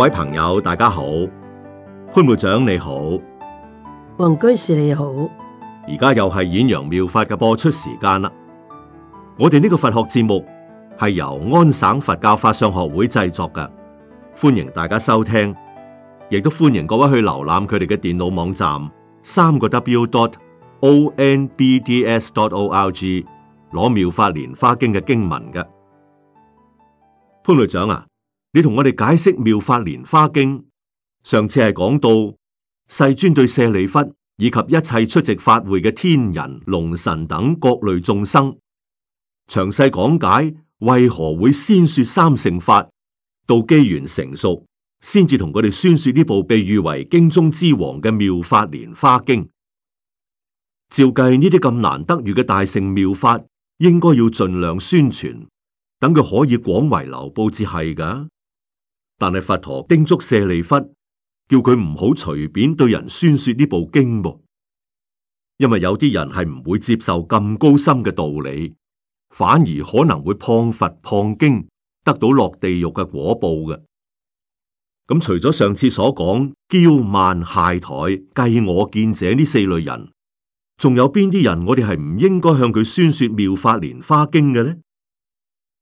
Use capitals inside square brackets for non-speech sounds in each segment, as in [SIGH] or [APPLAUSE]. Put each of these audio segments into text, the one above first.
各位朋友，大家好，潘會長你好，黃居士你好，而家又係演《陽妙法》嘅播出時間啦。我哋呢個佛學節目係由安省佛教法相學會製作嘅，歡迎大家收聽，亦都歡迎各位去瀏覽佢哋嘅電腦網站，三個 w dot o n b d s dot o l g 攞妙法蓮華經嘅經文嘅，潘會長啊。你同我哋解釋《妙法蓮花經》，上次係講到世尊對舍利弗以及一切出席法會嘅天人、龍神等各類眾生，詳細講解為何會先說三乘法，到機緣成熟，先至同我哋宣說呢部被譽為經中之王嘅《妙法蓮花經》。照計呢啲咁難得遇嘅大乘妙法，應該要盡量宣傳，等佢可以廣為流布，至係噶。但係佛陀叮囑舍利弗，叫佢唔好隨便對人宣說呢部經，因為有啲人係唔會接受咁高深嘅道理，反而可能會破佛破經，得到落地獄嘅果報嘅。咁、嗯、除咗上次所講驕慢懈怠、計我見者呢四類人，仲有邊啲人我哋係唔應該向佢宣說妙法蓮花經嘅呢？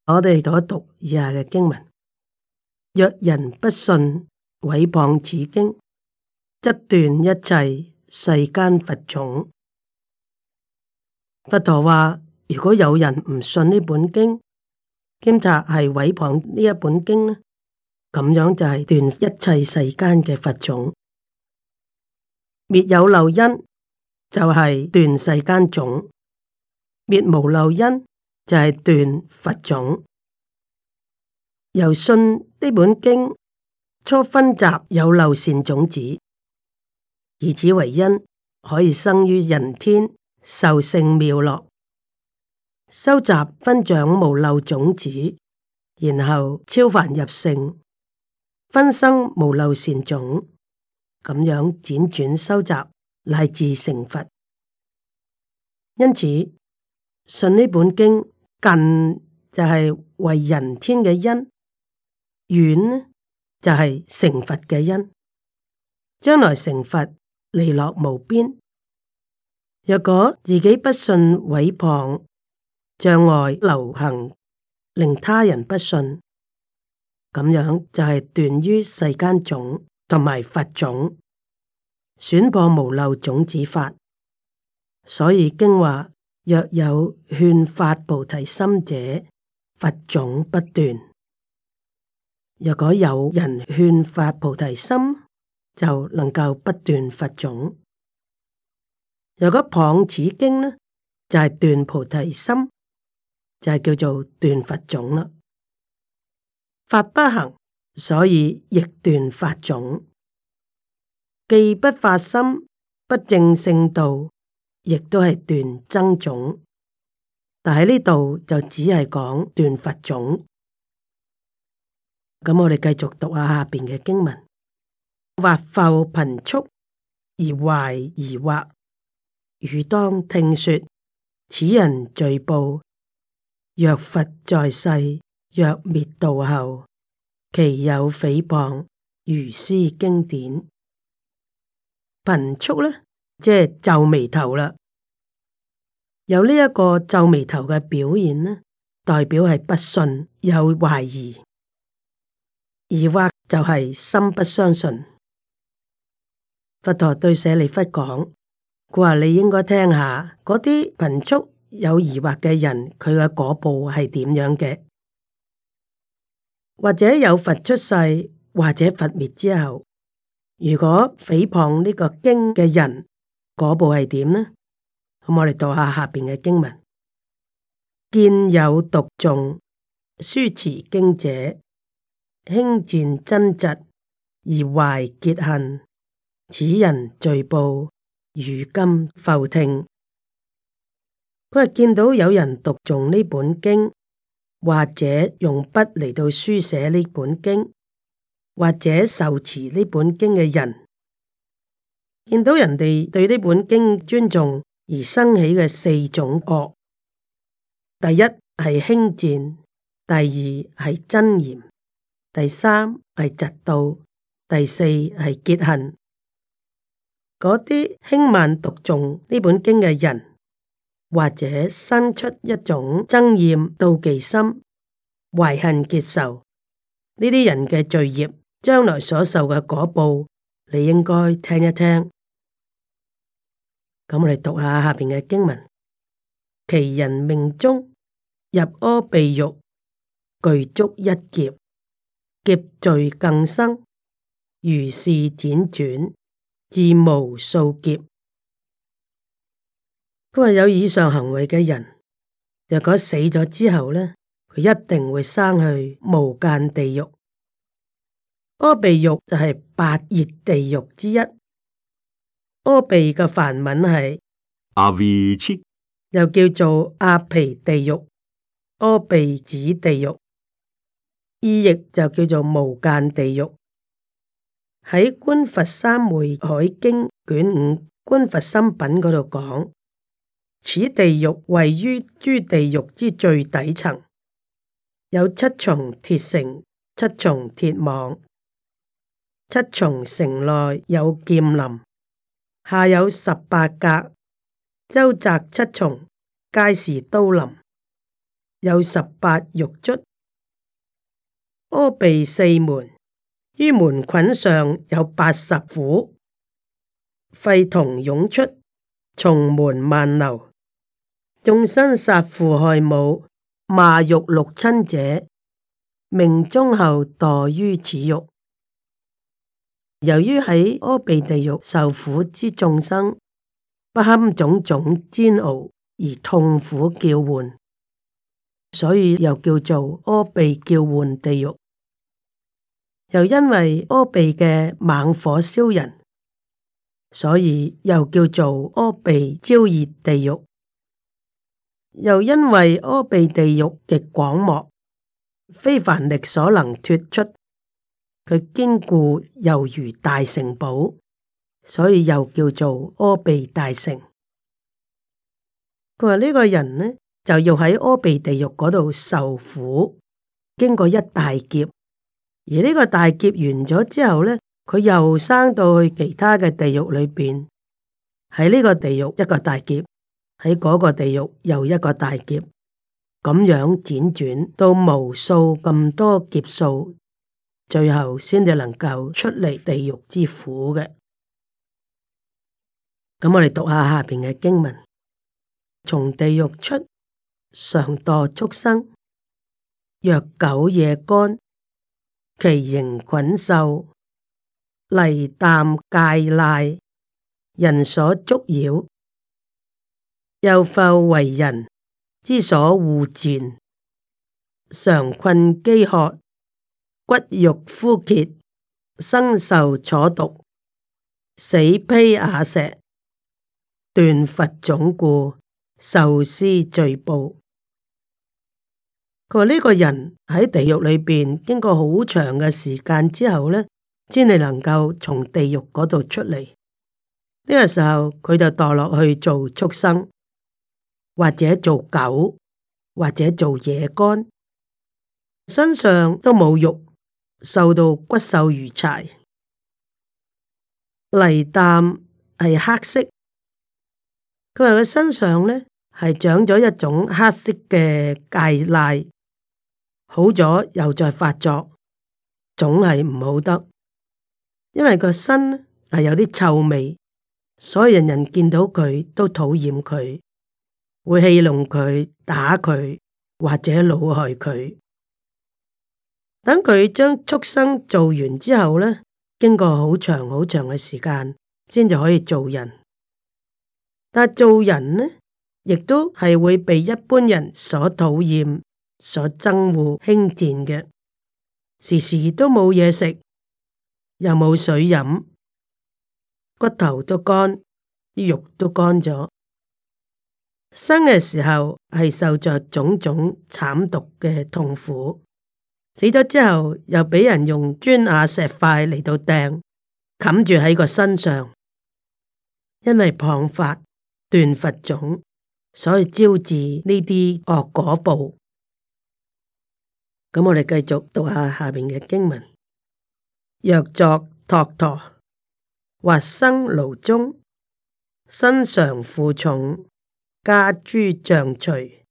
我哋讀一讀以下嘅經文。若人不信毀謗此經，則斷一切世間佛種。佛陀話：如果有人唔信呢本經，兼查係毀謗呢一本經呢，咁樣就係斷一切世間嘅佛種，滅有漏因就係斷世間種，滅無漏因就係斷佛種。由信呢本經初分集有漏善種子，以此為因，可以生於人天，受勝妙樂，收集分長無漏種子，然後超凡入聖，分生無漏善種，咁樣輾轉收集，乃至成佛。因此信呢本經近就係為人天嘅因。緣就係成佛嘅因，將來成佛利樂無邊。若果自己不信毀謗障礙流行，令他人不信，咁樣就係斷於世間種同埋佛種，損破無漏種子法。所以經話：若有勸發菩提心者，佛種不斷。若果有人勸發菩提心，就能夠不斷佛種；若果謗此經呢，就係、是、斷菩提心，就係、是、叫做斷佛種啦。法不行，所以亦斷法種。既不發心，不正聖道，亦都係斷僧種。但喺呢度就只係講斷佛種。咁我哋繼續讀下下邊嘅經文，或復顰蹙，而懷疑惑，如當聽說此人罪報，若佛在世，若滅度後，其有誹謗如斯經典。顰蹙呢，即係皺眉頭啦。有呢一個皺眉頭嘅表現呢，代表係不信，又懷疑。疑惑就係心不相信，佛陀對舍利弗講：佢話你應該聽下嗰啲貧畜有疑惑嘅人，佢嘅果報係點樣嘅？或者有佛出世，或者佛滅之後，如果誹謗呢個經嘅人，果報係點呢？咁我哋讀下下邊嘅經文：見有讀誦書持經者。輕賤憎嫉而懷結恨，此人罪報。汝今復聽，佢係見到有人讀誦呢本經，或者用筆嚟到書寫呢本經，或者受持呢本經嘅人，見到人哋對呢本經尊重而生起嘅四種惡：，第一係輕賤，第二係憎嫉。第三係嫉妒，第四係結恨。嗰啲輕慢讀誦呢本經嘅人，或者生出一種憎厭、妒忌心、懷恨結仇。呢啲人嘅罪孽，將來所受嘅果報，你應該聽一聽。咁我哋讀下下邊嘅經文：其人命終入阿鼻獄，具足一劫。劫罪更生，如是輾轉，至無數劫。佢話有以上行為嘅人，若果死咗之後呢，佢一定會生去無間地獄。阿鼻獄就係八熱地獄之一。阿鼻嘅梵文係阿，又叫做阿皮地獄、阿鼻子地獄。意譯就叫做無間地獄。喺《觀佛三昧海經》卷五《觀佛心品》嗰度講，此地獄位於諸地獄之最底層，有七重鐵城、七重鐵網、七重城內有劍林，下有十八格，周匝七重，皆是刀林，有十八獄卒。阿鼻四門，於門閫上有八十釜，沸銅涌出，從門漫流。眾生殺父害母，罵辱六親者，命終後墮於此獄。由於喺阿鼻地獄受苦之眾生，不堪種種煎熬而痛苦叫喚。所以又叫做阿鼻叫喚地獄，又因為阿鼻嘅猛火燒人，所以又叫做阿鼻焦熱地獄。又因為阿鼻地獄極廣漠，非凡力所能脱出，佢堅固猶如大城堡，所以又叫做阿鼻大城。佢話呢個人呢？就要喺阿鼻地獄嗰度受苦，經過一大劫，而呢個大劫完咗之後呢，佢又生到去其他嘅地獄裏邊，喺呢個地獄一個大劫，喺嗰個地獄又一個大劫，咁樣輾轉到無數咁多劫數，最後先至能夠出嚟地獄之苦嘅。咁我哋讀下下邊嘅經文，從地獄出。常墮畜生，若狗野干，其形菌瘦，黧黮疥癩，人所觸嬈，又復為人之所惡賤，常困飢渴，骨肉枯竭，生受楚毒，死被瓦石，斷佛種故。受斯罪報，佢話呢個人喺地獄裏邊經過好長嘅時間之後呢，先至能夠從地獄嗰度出嚟。呢、這個時候佢就墮落去做畜生，或者做狗，或者做野干，身上都冇肉，瘦到骨瘦如柴，黧黮係黑色。佢話佢身上呢。係長咗一種黑色嘅疥癩，好咗又再發作，總係唔好得。因為個身係有啲臭味，所以人人見到佢都討厭佢，會戲弄佢、打佢或者惱害佢。等佢將畜生做完之後呢，經過好長好長嘅時間，先至可以做人。但做人呢？亦都係會被一般人所討厭、所憎惡、輕賤嘅，時時都冇嘢食，又冇水飲，骨頭都乾，啲肉都乾咗。生嘅時候係受着種種慘毒嘅痛苦，死咗之後又俾人用磚瓦石塊嚟到掟，冚住喺個身上，因為謗佛斷佛種。所以招致呢啲惡果報。咁我哋繼續讀下下邊嘅經文：若作駱駝，駝，或生驢中，身常負重，加諸杖捶，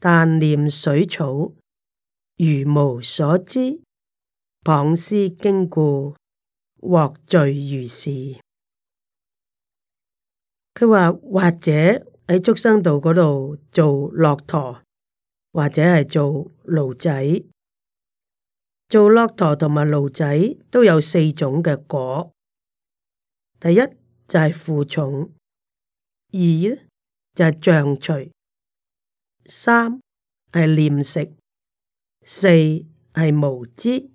但念水草，如無所知，謗斯經故，獲罪如是。佢話或者。喺畜生道嗰度做駱駝，或者係做驢仔，做駱駝同埋驢仔都有四種嘅果。第一就係負重，二咧就係杖捶，三係念食，四係無知。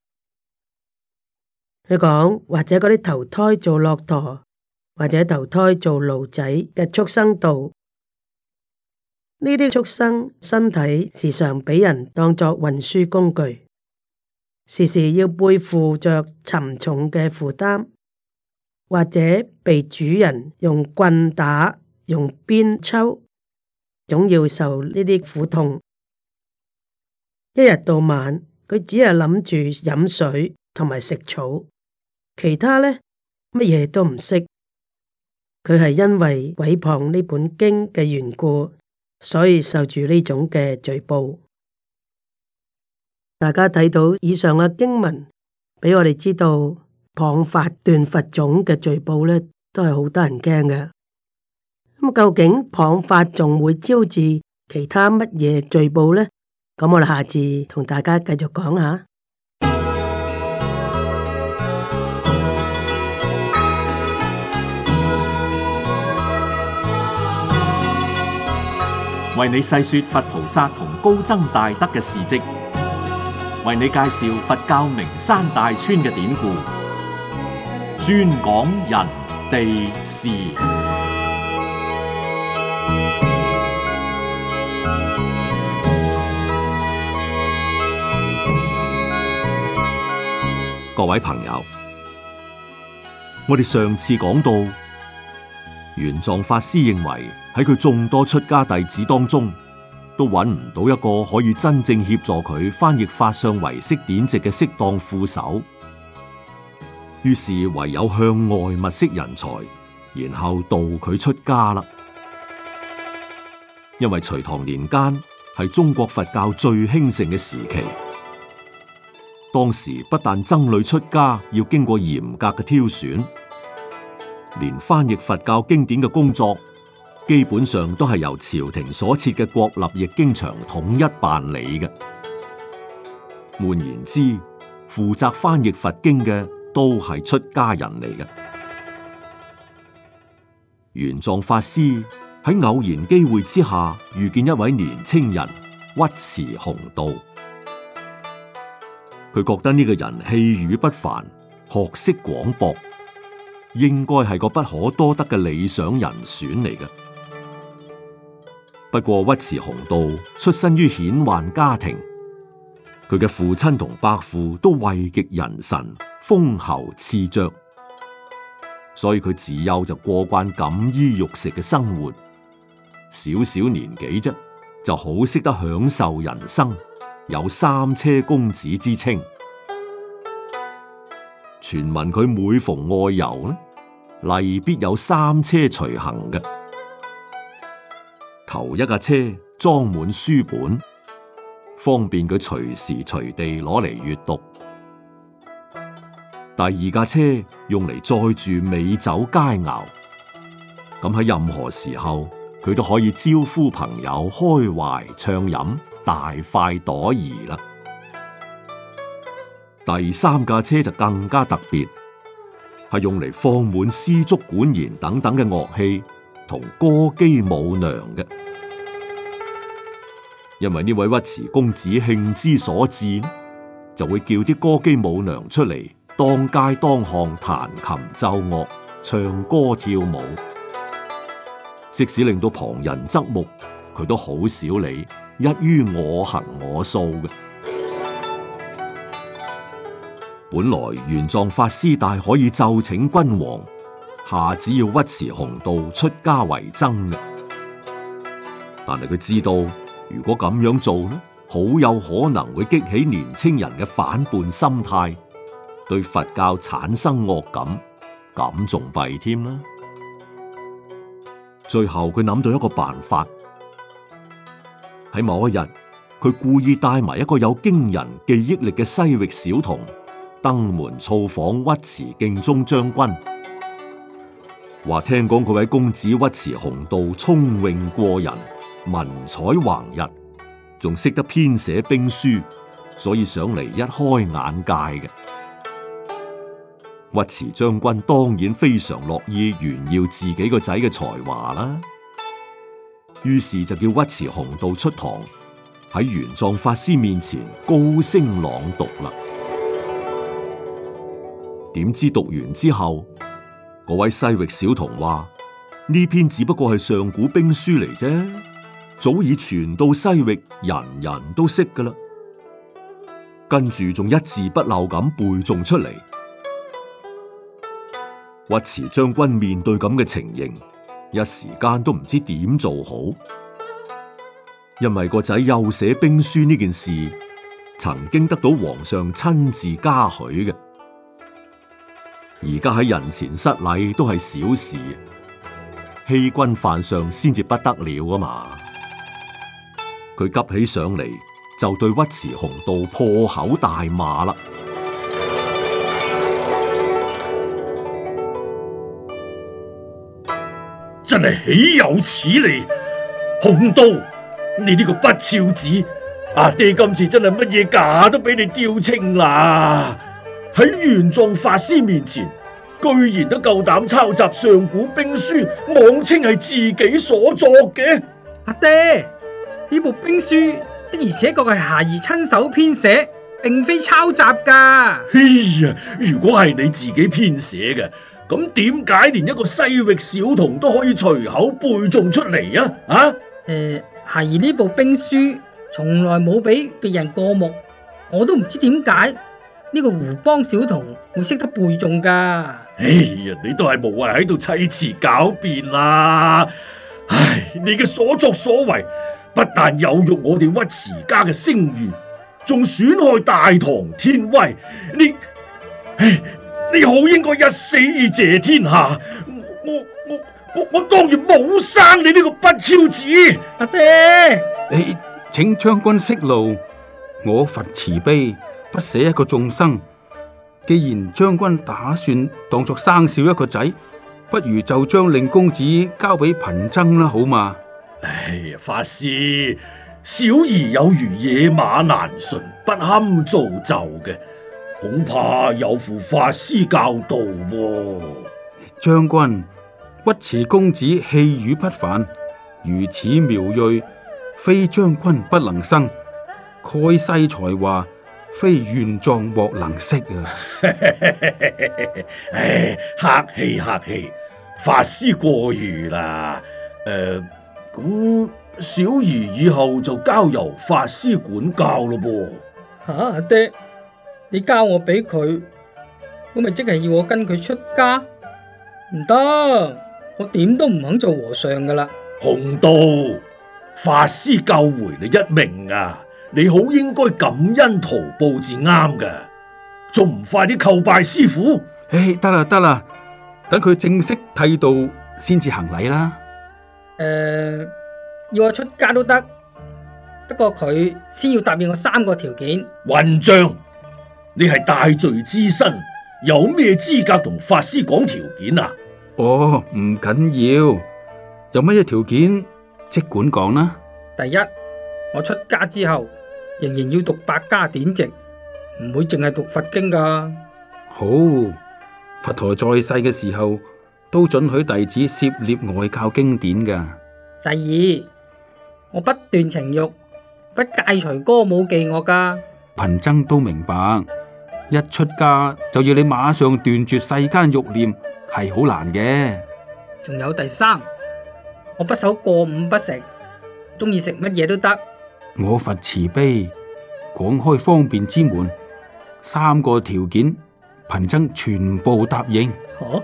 佢講或者嗰啲投胎做駱駝，或者投胎做驢仔嘅畜生道。呢啲畜生身體時常俾人當作運輸工具，時時要背負着沉重嘅負擔，或者被主人用棍打、用鞭抽，總要受呢啲苦痛。一日到晚，佢只係諗住飲水同埋食草，其他呢，乜嘢都唔識。佢係因為毀謗呢本經嘅緣故。所以受住呢種嘅罪報，大家睇到以上嘅經文，畀我哋知道謗法斷佛種嘅罪報咧，都係好得人驚嘅。咁究竟謗法仲會招致其他乜嘢罪報咧？咁我哋下次同大家繼續講下。為你細說佛菩薩同高僧大德嘅事蹟，為你介紹佛教名山大川嘅典故，專講人地事。各位朋友，我哋上次講到，玄奘法師認為。喺佢眾多出家弟子當中，都揾唔到一個可以真正協助佢翻譯法相唯識典籍嘅適當副手，於是唯有向外物色人才，然後度佢出家啦。因為隋唐年間係中國佛教最興盛嘅時期，當時不但僧侶出家要經過嚴格嘅挑選，連翻譯佛教經典嘅工作。基本上都係由朝廷所設嘅國立譯經場統一辦理嘅。換言之，負責翻譯佛經嘅都係出家人嚟嘅。玄奘法師喺偶然機會之下遇見一位年青人尉遲洪道，佢覺得呢個人氣宇不凡，學識廣博，應該係個不可多得嘅理想人選嚟嘅。不過尉遲洪道出身於顯宦家庭，佢嘅父親同伯父都位極人臣，封侯賜爵，所以佢自幼就過慣錦衣玉食嘅生活，小小年紀啫就好識得享受人生，有三車公子之稱。傳聞佢每逢外遊呢，例必有三車隨行嘅。頭一架車裝滿書本，方便佢隨時隨地攞嚟閱讀。第二架車用嚟載住美酒佳餚，咁喺任何時候，佢都可以招呼朋友開懷暢飲、大快朵頤啦。第三架車就更加特別，係用嚟放滿絲竹管弦等等嘅樂器同歌姬舞娘嘅。因為呢位尉遲公子興之所至，就會叫啲歌姬舞娘出嚟當街當巷彈琴奏樂、唱歌跳舞，即使令到旁人側目，佢都好少理，一於我行我素嘅。本來玄奘法師大可以奏請君王，下旨要尉遲洪道出家為僧嘅，但係佢知道。如果咁樣做呢，好有可能會激起年青人嘅反叛心態，對佛教產生惡感，咁仲弊添啦。最後佢諗到一個辦法，喺某一日，佢故意帶埋一個有驚人記憶力嘅西域小童，登門造訪尉遲敬宗將軍，話聽講佢位公子尉遲洪道聰穎過人。文采橫日，仲識得編寫兵書，所以上嚟一開眼界嘅尉遲將軍，當然非常樂意炫耀自己個仔嘅才華啦。於是就叫尉遲洪道出堂喺玄奘法師面前高聲朗讀啦。點知讀完之後，嗰位西域小童話：呢篇只不過係上古兵書嚟啫。早已傳到西域，人人都識噶啦。跟住仲一字不漏咁背誦出嚟。尉遲將軍面對咁嘅情形，一時間都唔知點做好。因為個仔又寫兵書呢件事，曾經得到皇上親自嘉許嘅。而家喺人前失禮都係小事，欺君犯上先至不得了啊嘛！佢急起上嚟，就對尉遲洪道破口大罵啦！真係豈有此理！洪道，你呢個不肖子，阿爹今次真係乜嘢假都俾你吊清啦！喺玄奘法師面前，居然都夠膽抄襲上古兵書，妄稱係自己所作嘅，阿爹。呢部兵書的而且確係孩兒親手編寫，並非抄襲噶。哎呀，如果係你自己編寫嘅，咁點解連一個西域小童都可以隨口背誦出嚟啊？啊？誒、嗯，孩兒呢部兵書從來冇俾別人過目，我都唔知點解呢個胡邦小童會識得背誦噶。哎呀，你都係無謂喺度砌詞狡辯啦！唉，你嘅所作所為，不但有辱我哋尉遲家嘅聲譽，仲損害大唐天威。你，唉，你好應該一死以謝天下。我我我我當然冇生你呢個不肖子。阿爹，你請將軍息怒，我佛慈悲，不捨一個眾生。既然將軍打算當作生少一個仔，不如就將令公子交俾貧僧啦，好嗎？唉、哎，法師，小兒有如野馬難馴，不堪造就嘅，恐怕有負法師教導啊。將軍，尉遲公子氣宇不凡，如此苗銳，非將軍不能生；蓋世才華，非元壯莫能識啊！唉、 [LAUGHS] 哎，客氣客氣，法師過譽啦，誒、呃。咁小兒以後就交由法師管教咯噃吓。阿爹，你交我俾佢，我咪即係要我跟佢出家？唔得，我點都唔肯做和尚噶啦！洪道，法師救回你一命啊，你好應該感恩圖報至啱噶，仲唔快啲叩拜師傅？唉，得啦得啦，等佢正式剃度先至行禮啦。誒、呃，要我出家都得，不過佢先要答應我三個條件。混賬！你係大罪之身，有咩資格同法師講條件啊？哦，唔緊要，有乜嘢條件即管講啦。第一，我出家之後仍然要讀百家典籍，唔會淨係讀佛經㗎。好，佛陀在世嘅時候。都准許弟子涉獵外教經典噶。第二，我不斷情欲，不戒除歌舞伎我噶。貧僧都明白，一出家就要你馬上斷絕世間欲念，係好難嘅。仲有第三，我不守過午不食，中意食乜嘢都得。我佛慈悲，廣開方便之門，三個條件，貧僧全部答應。好、啊。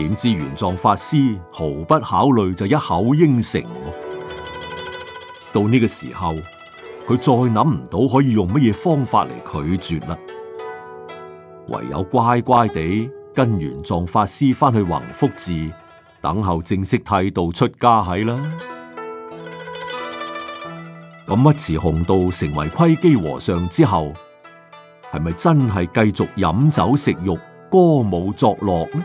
點知玄奘法師毫不考慮就一口應承，到呢個時候佢再諗唔到可以用乜嘢方法嚟拒絕啦，唯有乖乖地跟玄奘法師返去宏福寺等候正式剃度出家喺啦。咁一慈紅道成為窺基和尚之後，係咪真係繼續飲酒食肉、歌舞作樂呢？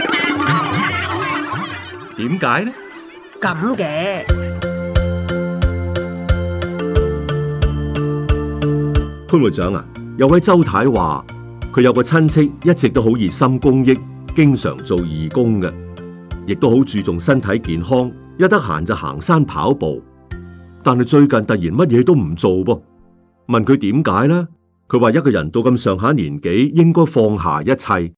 點解呢？咁嘅潘會長啊，有位周太話佢有個親戚一直都好熱心公益，經常做義工嘅，亦都好注重身體健康，一得閒就行山跑步。但係最近突然乜嘢都唔做噃、啊，問佢點解呢？佢話一個人到咁上下年紀，應該放下一切。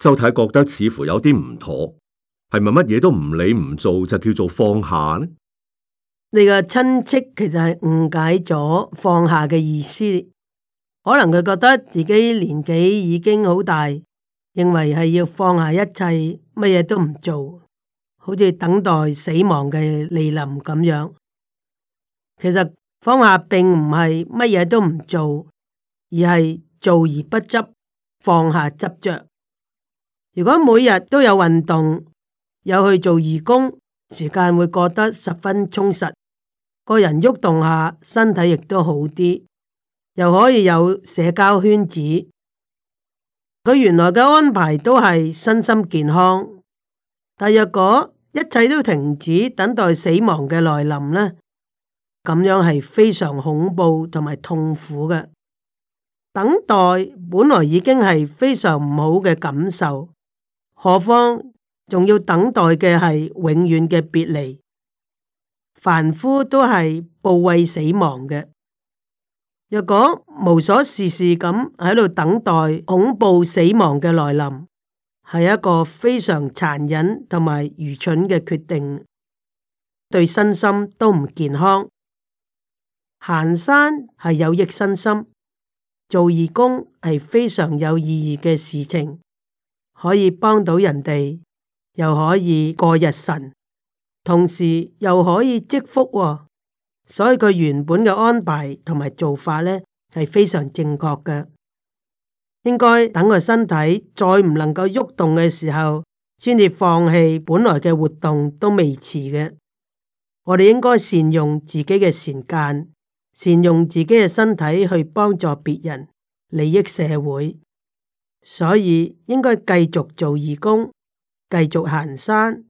周太覺得似乎有啲唔妥。係咪乜嘢都唔理唔做就叫做放下呢？你個親戚其實係誤解咗放下嘅意思，可能佢覺得自己年紀已經好大，認為係要放下一切，乜嘢都唔做，好似等待死亡嘅來臨咁樣。其實放下並唔係乜嘢都唔做，而係做而不執，放下執着。如果每日都有運動。有去做義工，時間會過得十分充實，個人喐動下，身體亦都好啲，又可以有社交圈子。佢原來嘅安排都係身心健康，但若果一切都停止，等待死亡嘅來臨呢，咁樣係非常恐怖同埋痛苦嘅。等待本來已經係非常唔好嘅感受，何況？仲要等待嘅係永遠嘅別離，凡夫都係怖畏死亡嘅。若果無所事事咁喺度等待恐怖死亡嘅來臨，係一個非常殘忍同埋愚蠢嘅決定，對身心都唔健康。行山係有益身心，做義工係非常有意義嘅事情，可以幫到人哋。又可以過日辰，同時又可以積福，哦，所以佢原本嘅安排同埋做法呢係非常正確嘅。應該等佢身體再唔能夠喐動嘅時候，先至放棄本來嘅活動都未遲嘅。我哋應該善用自己嘅時間，善用自己嘅身體去幫助別人，利益社會。所以應該繼續做義工。繼續行山，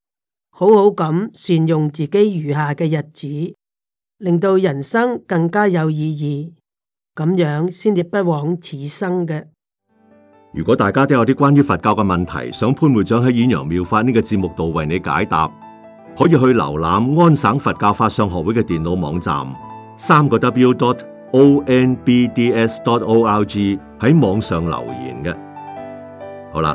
好好咁善用自己餘下嘅日子，令到人生更加有意義，咁樣先至不枉此生嘅。如果大家都有啲關於佛教嘅問題，想潘會長喺演揚妙法呢個節目度為你解答，可以去瀏覽安省佛教法相學會嘅電腦網站，三個 W dot O N B D S dot O R G 喺網上留言嘅。好啦。